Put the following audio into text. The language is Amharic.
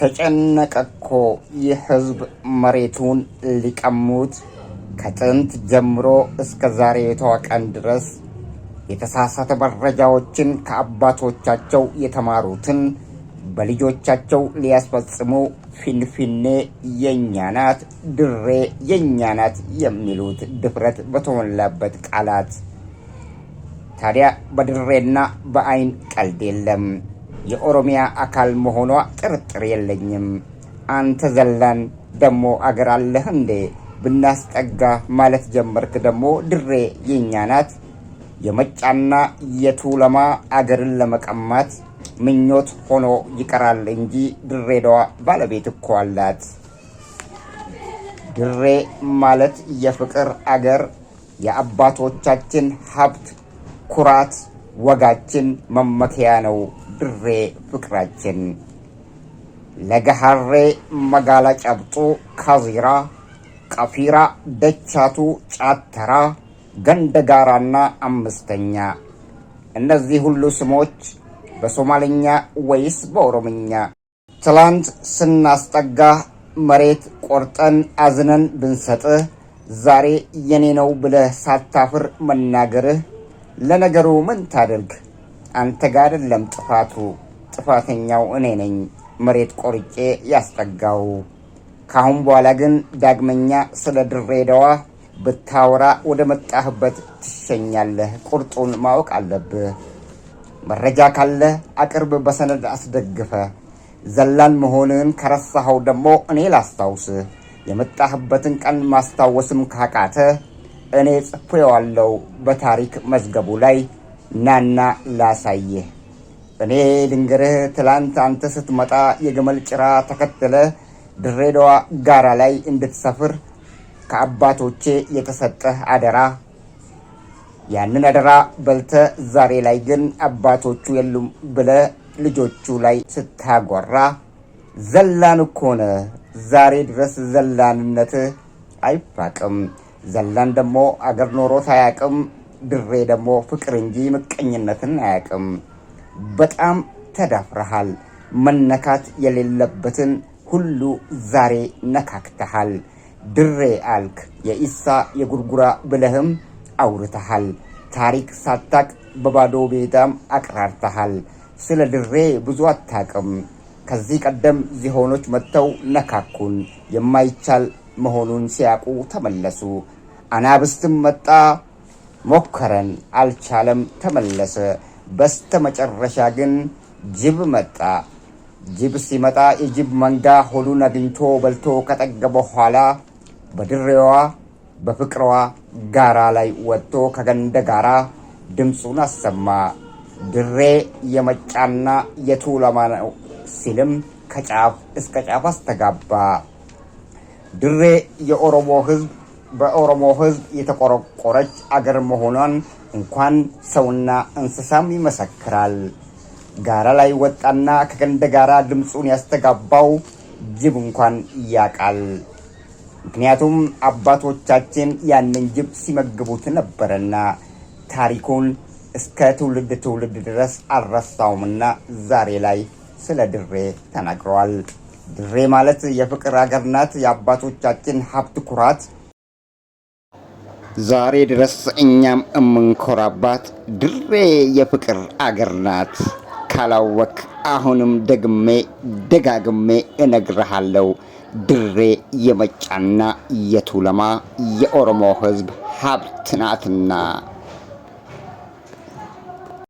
ተጨነቀኮ የህዝብ ይህ ህዝብ መሬቱን ሊቀሙት ከጥንት ጀምሮ እስከ ዛሬ የተዋቀን ድረስ የተሳሳተ መረጃዎችን ከአባቶቻቸው የተማሩትን በልጆቻቸው ሊያስፈጽሙ ፊንፊኔ የእኛ ናት፣ ድሬ የእኛ ናት የሚሉት ድፍረት በተሞላበት ቃላት። ታዲያ በድሬና በአይን ቀልድ የለም። የኦሮሚያ አካል መሆኗ ጥርጥር የለኝም። አንተ ዘላን ደሞ አገር አለህ እንዴ ብናስጠጋ ማለት ጀመርክ። ደሞ ድሬ የኛ ናት። የመጫና የቱለማ አገርን ለመቀማት ምኞት ሆኖ ይቀራል እንጂ ድሬዳዋ ባለቤት እኮ አላት። ድሬ ማለት የፍቅር አገር፣ የአባቶቻችን ሀብት፣ ኩራት፣ ወጋችን መመኪያ ነው። ድሬ ፍቅራችን ለገሃሬ መጋላ ጨብጦ ካዚራ ቀፊራ ደቻቱ ጫተራ ገንደ ጋራና አምስተኛ እነዚህ ሁሉ ስሞች በሶማልኛ ወይስ በኦሮምኛ? ትላንት ስናስጠጋ መሬት ቆርጠን አዝነን ብንሰጥህ ዛሬ የኔ ነው ብለህ ሳታፍር መናገርህ ለነገሩ ምን ታደርግ አንተ ጋር አይደለም ጥፋቱ፣ ጥፋተኛው እኔ ነኝ፣ መሬት ቆርጬ ያስጠጋው። ካሁን በኋላ ግን ዳግመኛ ስለ ድሬዳዋ ብታወራ ወደ መጣህበት ትሸኛለህ። ቁርጡን ማወቅ አለብህ። መረጃ ካለ አቅርብ፣ በሰነድ አስደግፈ። ዘላን መሆንህን ከረሳኸው ደግሞ እኔ ላስታውስህ። የመጣህበትን ቀን ማስታወስም ካቃተ እኔ ጽፌዋለሁ በታሪክ መዝገቡ ላይ ናና ላሳየ እኔ ልንገርህ፣ ትላንት አንተ ስትመጣ የግመል ጭራ ተከትለ ድሬዳዋ ጋራ ላይ እንድትሰፍር ከአባቶቼ የተሰጠህ አደራ። ያንን አደራ በልተ ዛሬ ላይ ግን አባቶቹ የሉም ብለ ልጆቹ ላይ ስታጓራ ዘላን እኮነ ዛሬ ድረስ ዘላንነት አይፋቅም። ዘላን ደግሞ አገር ኖሮት አያቅም። ድሬ ደግሞ ፍቅር እንጂ ምቀኝነትን አያውቅም። በጣም ተዳፍረሃል። መነካት የሌለበትን ሁሉ ዛሬ ነካክተሃል። ድሬ አልክ የኢሳ የጉርጉራ ብለህም አውርተሃል። ታሪክ ሳታቅ በባዶ ቤዳም አቅራርተሃል። ስለ ድሬ ብዙ አታቅም። ከዚህ ቀደም ዝሆኖች መጥተው ነካኩን፣ የማይቻል መሆኑን ሲያውቁ ተመለሱ። አናብስትም መጣ ሞከረን፣ አልቻለም፣ ተመለሰ። በስተ መጨረሻ ግን ጅብ መጣ። ጅብ ሲመጣ የጅብ መንጋ ሆዱን አግኝቶ በልቶ ከጠገበ በኋላ በድሬዋ በፍቅረዋ ጋራ ላይ ወጥቶ ከገንደ ጋራ ድምፁን አሰማ። ድሬ የመጫና የቱለማ ነው ሲልም ከጫፍ እስከ ጫፍ አስተጋባ። ድሬ የኦሮሞ ሕዝብ በኦሮሞ ሕዝብ የተቆረቆረች አገር መሆኗን እንኳን ሰውና እንስሳም ይመሰክራል። ጋራ ላይ ወጣና ከገንደ ጋራ ድምፁን ያስተጋባው ጅብ እንኳን ያቃል። ምክንያቱም አባቶቻችን ያንን ጅብ ሲመግቡት ነበረና ታሪኩን እስከ ትውልድ ትውልድ ድረስ አልረሳውምና ዛሬ ላይ ስለ ድሬ ተናግረዋል። ድሬ ማለት የፍቅር አገር ናት። የአባቶቻችን ሀብት ኩራት ዛሬ ድረስ እኛም እምንኮራባት ድሬ የፍቅር አገር ናት። ካላወክ አሁንም ደግሜ ደጋግሜ እነግርሃለሁ። ድሬ የመጫና የቱለማ የኦሮሞ ሕዝብ ሀብት ናትና።